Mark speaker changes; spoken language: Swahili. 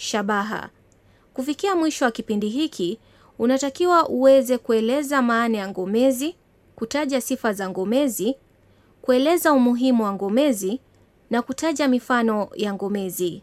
Speaker 1: Shabaha: kufikia mwisho wa kipindi hiki, unatakiwa uweze kueleza maana ya ngomezi, kutaja sifa za ngomezi, kueleza umuhimu wa ngomezi na kutaja mifano ya ngomezi.